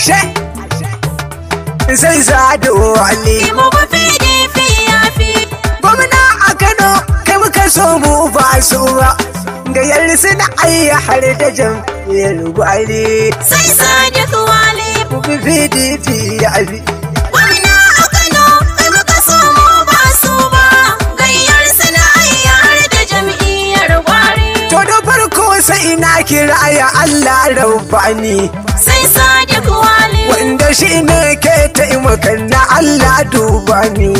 ashe zai zado wani mu mafi fi ya fi gwamna a kano kai muka so mu ba su ba ga yalli suna ayya har da jam'iyyar gwari sai mu ya fi gwamna a kano mu ba su da gwari to farko sai na kira ya allah rabani. sai sani wanda shi ne ke taimakan na Allah duba ni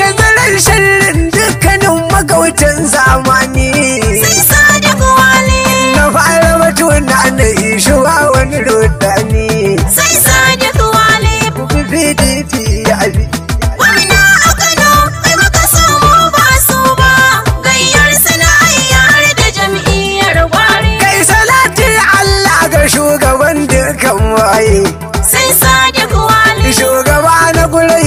ka zarar sharrin dukkanin magautan zamani na fara mutu na na ishuwa wani rodani sai sadiq wale PDP ya bi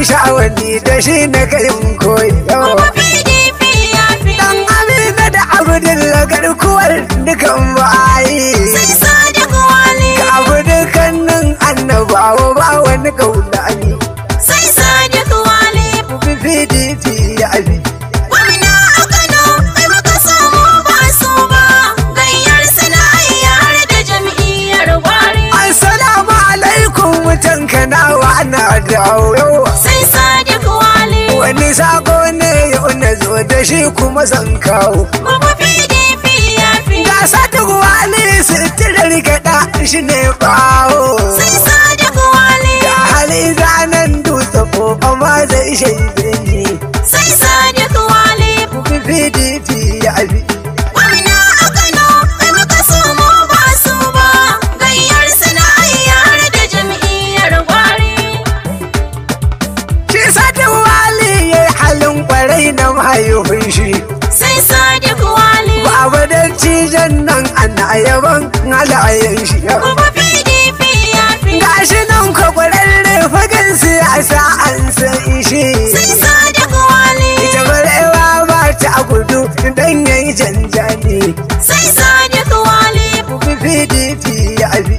ni da shi na kayin koyi Dan Amina da Abdullah garkuwar dukan ba'ayi Sai sadiq wali Ka abu dukannin annabawa ba wani kaulani na wana dawo sai sadiq wale wani sako ne yau na zo da shi kuma zan kawo kuma pdp ya fi ga sadiq su sitirar gada shi ne bawo sai sadiq wale da hali zanen dutse ko ma zai shaide ni sai sadiq wale kuma pdp ya fi kwarai na mahaifin shi sai sadiq wali baba da cijan nan ana yaban halayen shi kuma pdp ya fi gashi nan ka kwararre fagen siyasa an san shi sai sadiq wali ita barewa ba ta gudu dan yayi janjani sai sadiq wali kuma pdp ya fi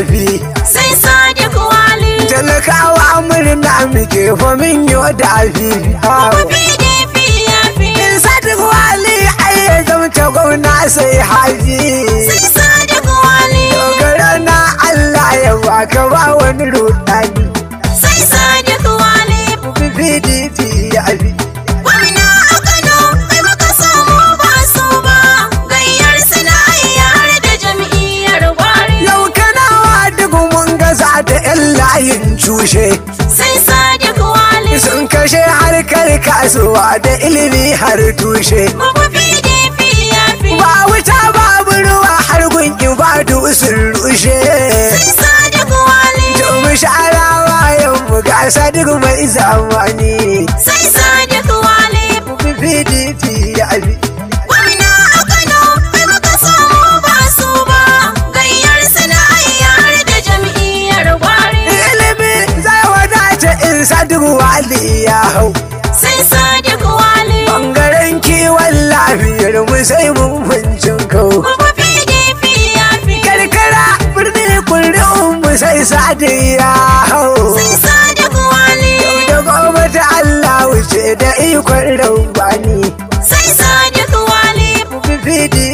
dafi sai sadi kuwali talakawa murna muke fa min yo dafi PDP ya fi in sadi kuwali ai ya zamta gwamna sai haji sai sadi kuwali dogara na Allah ya ka ba wani rudani sai sadi kuwali PDP ya fi yin cushe sai sadiq wali sun kashe harkar kasuwa da ilimi har tushe ba wuta babu ruwa har ba ibadu sun rushe domin sha'arawa mai zamani sai sadiq pdp ya bi Sun sadiku wali ya hau. Sun sadiku wali. Bangaren kiwon lafiyar mu sai mun fincin kau. Karkara birnin kullum mu sai sadi hau. Sun sadiku wali. Yau da gobe ta Allah wuce da ikon raubani. Sai sadiku wali. Mu fi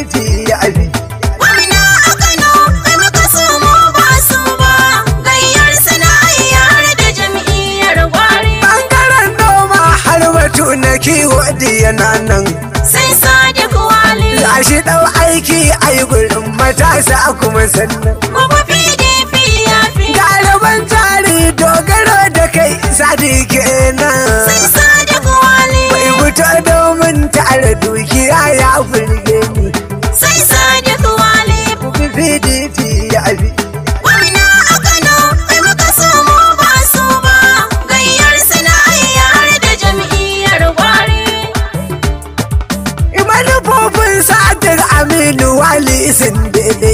aliyu na kiwo yana nan sai sadiku wali shi dau aiki ai gurin matasa kuma sannan kuma fi ya fi galiban tari dogaro da kai sadi kenan. sai sadiku wali bai fito domin tare dukiya ya burge ni sai sadiku wali fi ya fi sai sadiq aminu wali sindele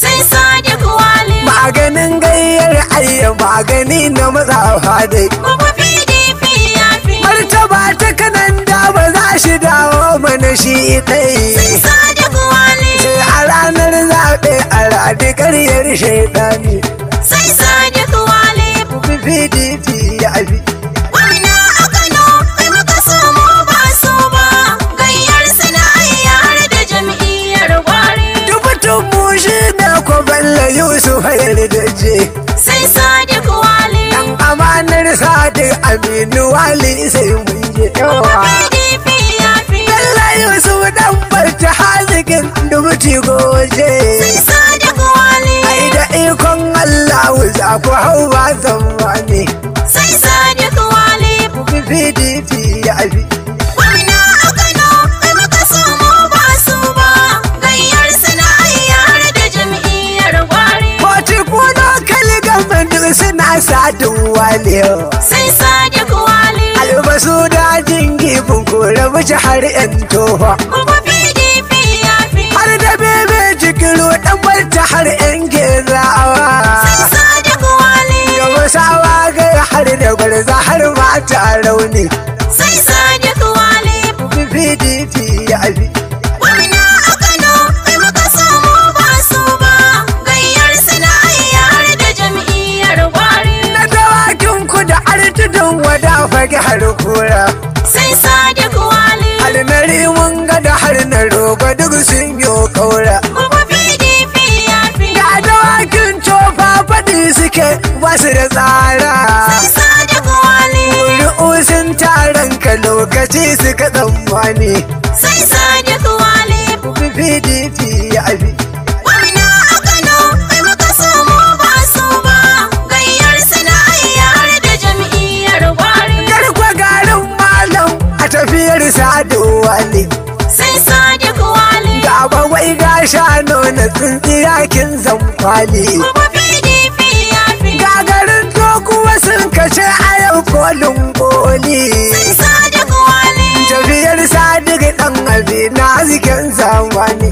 sai sadiq wali maganin gayyar ayya magani na matsafa dai kuma pdp ya fi martaba ta kanan da ba za shi dawo mana shi kai sai sadiq wali sai a ranar zaɓe a radikar yar shaidani sai sadiq wali kuma pdp ya fi Yusuf Hayar Daje. Sai Sadiq Wali. Dan amanar Sadiq Aminu Wali sai mun yi yawa. Bella Yusuf dan barci hazikin dubuci goje. Sai Sadiq Wali. Ai da ikon Allah za ku hau ba zamani. Sai Sadiq Wali. Ku fi PDP ya fi. rabi'u sai sake kuwali albasu dajin gibin kore wuce har yan tofa kuma pdp ya fi har da bebe cikin dan barta har yan gezawa sai sake kuwali gaba sawa ga har da gwarza har mata rauni sai sake kuwali pdp ya fi zage har kura sai sadiq wali har na rimun gada har na rogo duk sun yo kaura ya fi. da dawakin cofa faɗi suke ba su da tsara sai sadiq wali ru'usin taron ka lokaci suka tsammani sai sadiq wali pdp ya fi Kabir Sadu Wali. Sai Sadiq Wali. Gaba wai ga shano na tsintsiya kin zamfali. Kuma PDP ya fi. Gagarin dokuwa sun kace a yau kolin boli. Sai Sadiq Wali. Tafiyar Sadiq ɗan abi na zikin zamani.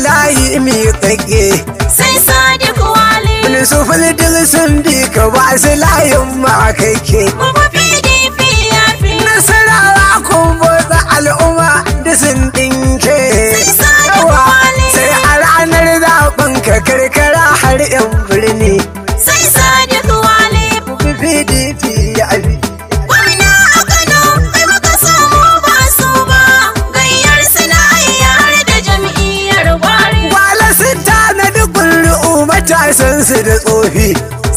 layi mi tsage sai sadiq wali filsufin dilsun bi ka ba su layin ma kake mu pdp ya fi nasarawa kun bota al'umma da sun dinke sai a ranar zaɓen ka karkara har yan birni ta san su da tsofi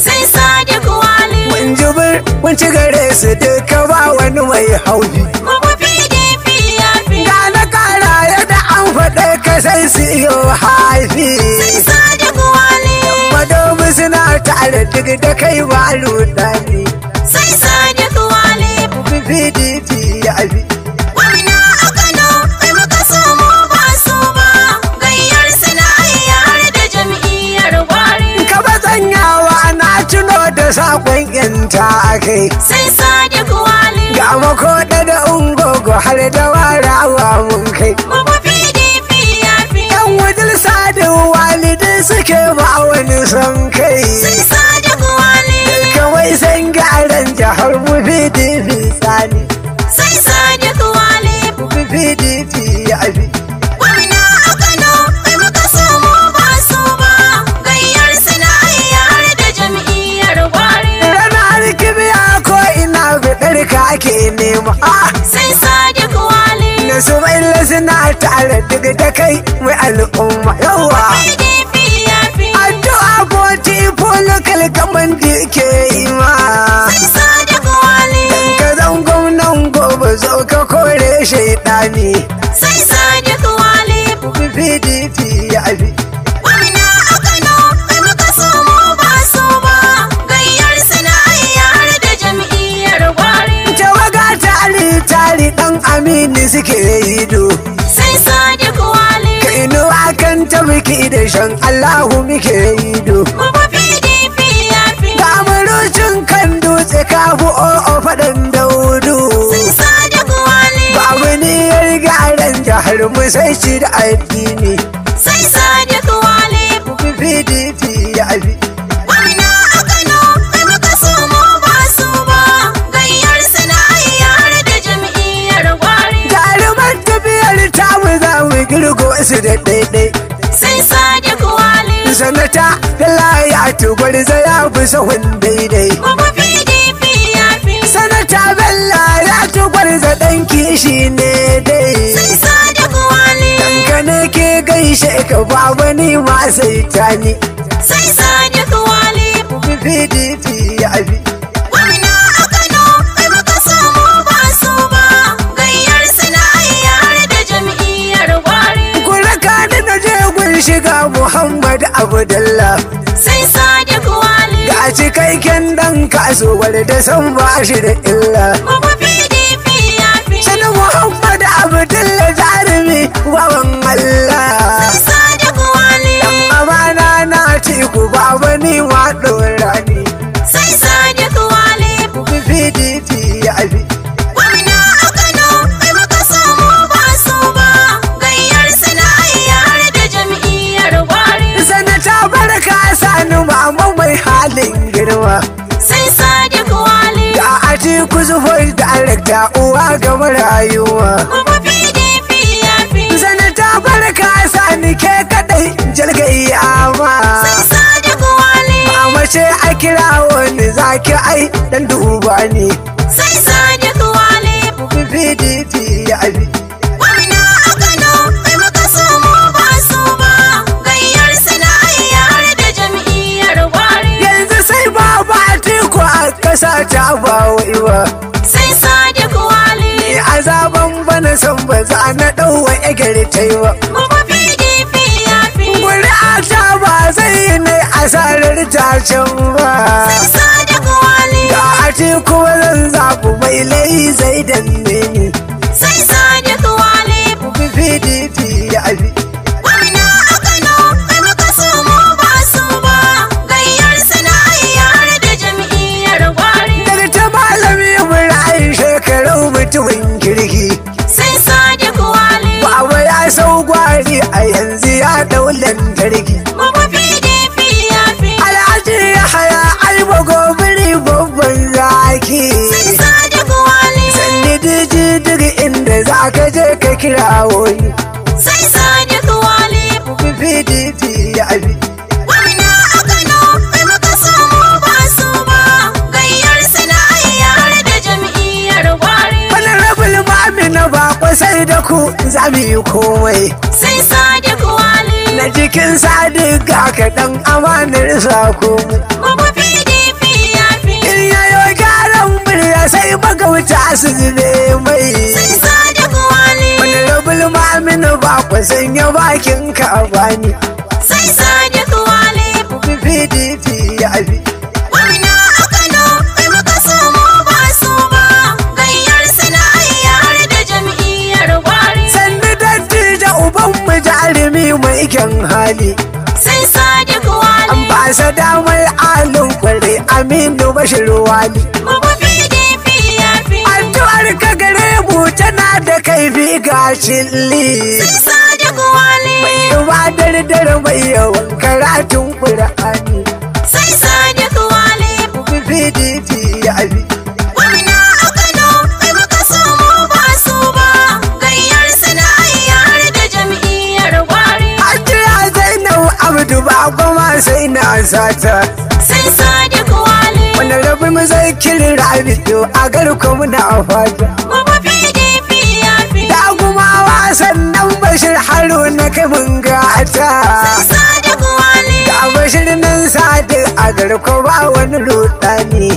sai sadi kuwali mun jibir mun ci gare su duka ba wani mai da na kara yadda an faɗe ka sai su iyo haifi sai sadi kuwali madobi suna tare duk da kai ba ludani sai sadi kuwali PDP ya fi ta sakon yanta a kai sai sadi kuwali. ga makoda da ungogo har da warawa mun kai mu pdp ya fi yan wajen sadiq wali suke ma wani son kai sai sadiq wali kawai san gyaran jihar mu pdp sani sai sadi kuwali. mu pdp ya fi Yana rikibiya ko ina bidar ake nema. Sai sadiq wali. Na su mai lasina kai mai al'umma Addu'a ko tifo lokal kaman da yi ma. Sai Dan ka zan gwamnan gobe zo ka kore shaidani. Sai sadiq PDP ya fi. Ali dan Aminu suke yi do. Sai Sadiq Wali. Kaino akan ta muke da shan Allahu muke yi do. Kuma PDP ya fi. Ga murucin kan dutse kafu o'o faɗan daudu. Sai Sadiq Wali. Ba wani ya riga ran jihar mu sai shi da addini. Sai Sadiq Ku fi PDP ya fi. mu za mu girgo su da ɗaiɗai. Sai sadi kuwali. Sanata da laya tugwar zaya fi sahun daidai. Kuma PDP ya fi. Sanata Bello ya tugwar za ɗan kishi ne dai. Sai sadi kuwali. Dankane ke gaishe ka ba wani ma sai tani. Sai sadi kuwali. PDP ya fi. shiga Muhammad Abdullah. Sai Sadiq Wali. Ga ka ɗan kasuwar da san ba shi da illa. Kuma PDP ya fi. Muhammad Abdullah jarumi wawan Allah. Sai Sadiq amana na ci ku ba wani wa halin girma sai sadiq wali ga aji ku zuhur darakta uwa ga marayuwa ta barka sani ke kadai jalgayya ma sai sadiq wali mama ce a kira wani zaki ai dan duba ne sai sadiq wali pdp ya abi sa ta ba wai ba sai sadiq wali ni azaban bana san ba za na dau wa egere tai ba kuma pdp ya fi kuri'a ta ba zai yi ne asarar tashin ba sai sadiq wali da a ce kuma zan zabu mai lai zai danne ni sai sadiq wali kuma pdp ya fi mutumin kirki. Sai sadi kuwali. Baba ya sau gwari a yanzu ya dau lantarki. Baba PDP ya fi. Alhaji ya haya alba gobiri babban zaki. Sai sadi kuwali. Sanni diji duk inda za ka je ka kira wani. Sai sadi kuwali. Baba PDP ya fi. na bako sai da ku zami komai. Sai sadiq kuwali. Na jikin sadi ga kaɗan amanar sako. Kuma PDP ya fi. In yayo gyaran murya sai magauta su zile mai. Sai sadiq wali. Wani rabul mamina sai sanya bakin ka bani. Sai sadiq wali. Kuma PDP ya fi. ilimi mai kyan hali sai sadi kuwali an ba sa damar alin kwari aminu bashir wali addu'ar ka gare mu tana da kaifi ga cilli sai sadi kuwali mai yawa dardara mai yawan karatun qur'ani sai sadiku fi pdp ya fi. abdu duba goma sai na sata sai sadi wale Wani rabu mu zai kirin to a garko muna fata kuma fi ya fi da gumawa sannan bashir haruna kai mun gata sai sadi wale da bashir nan sadi a garko ba wani lutani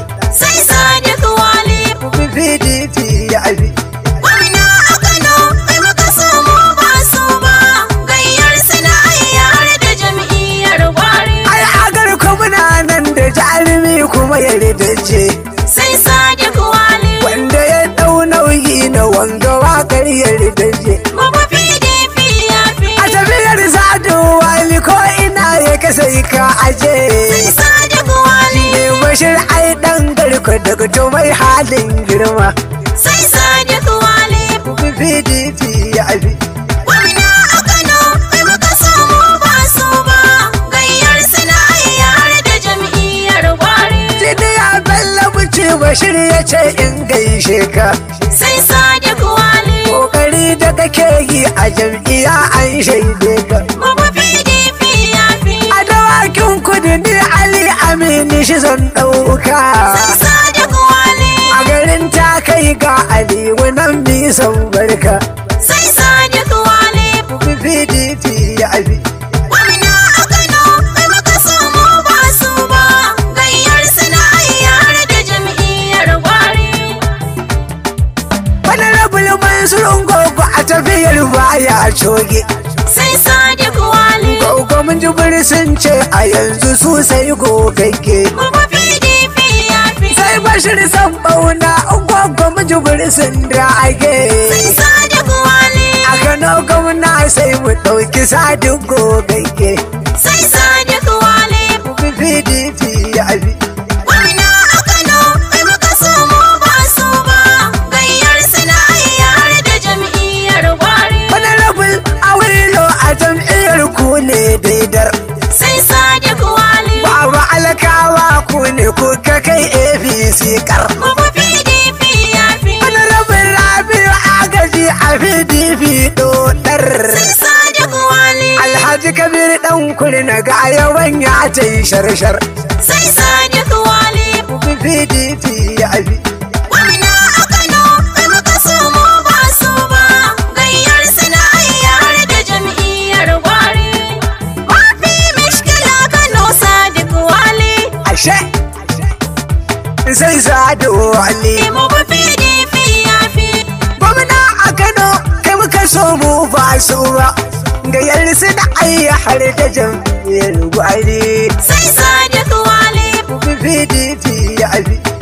wali kuma yardajje sai kuwa wali wanda ya dau nauyi na wanga wakar yardajje baba pdp ya fi a tafiyar sadiq wali ko ina ya kasa yi ka aje sai sadiq wali ne bashir ai dan garko daga to mai halin girma sai kuwa sadiq wali pdp ya fi Alhaji Bashir ya ce in gaishe ka. Sai sadi kuwali. Kokari da kake yi a jam'iyya an shaide ka. Baba PDP ya fi. A dawakin kudu ni Ali Aminu shi zan ɗauka. Sai sadi kuwali. A garin ta kai ga Aliyu nan bisan barka. Sai sadi kuwali. Baba PDP ya fi. sai su rungo ba a tafiyar baya a coge sai sadiq wali gauga mun sun ce a yanzu su sai gogagge sai bashir san bauna gwaggo mun jibiri sun drage sai sadiq wali a gano gwamna sai mu ɗauki sadiq gogagge sai sadiq wali pdp ya fi ne daidar sai sadiq ba ba alkawa ku ne ka kai abc kar kuma pdp ya fi wani rabin rabi'u agaji a pdp dodar sai sadiq kuwali. alhaji kabir dan kuri na ga yawan ya ta yi sharshar sai sadiq wali pdp ya fi ado wali gwamna a kano kai muka so mu ba su ba ga yarsu da ayya har da jam'iyyar gwari sai sadiq wali pdp ya bi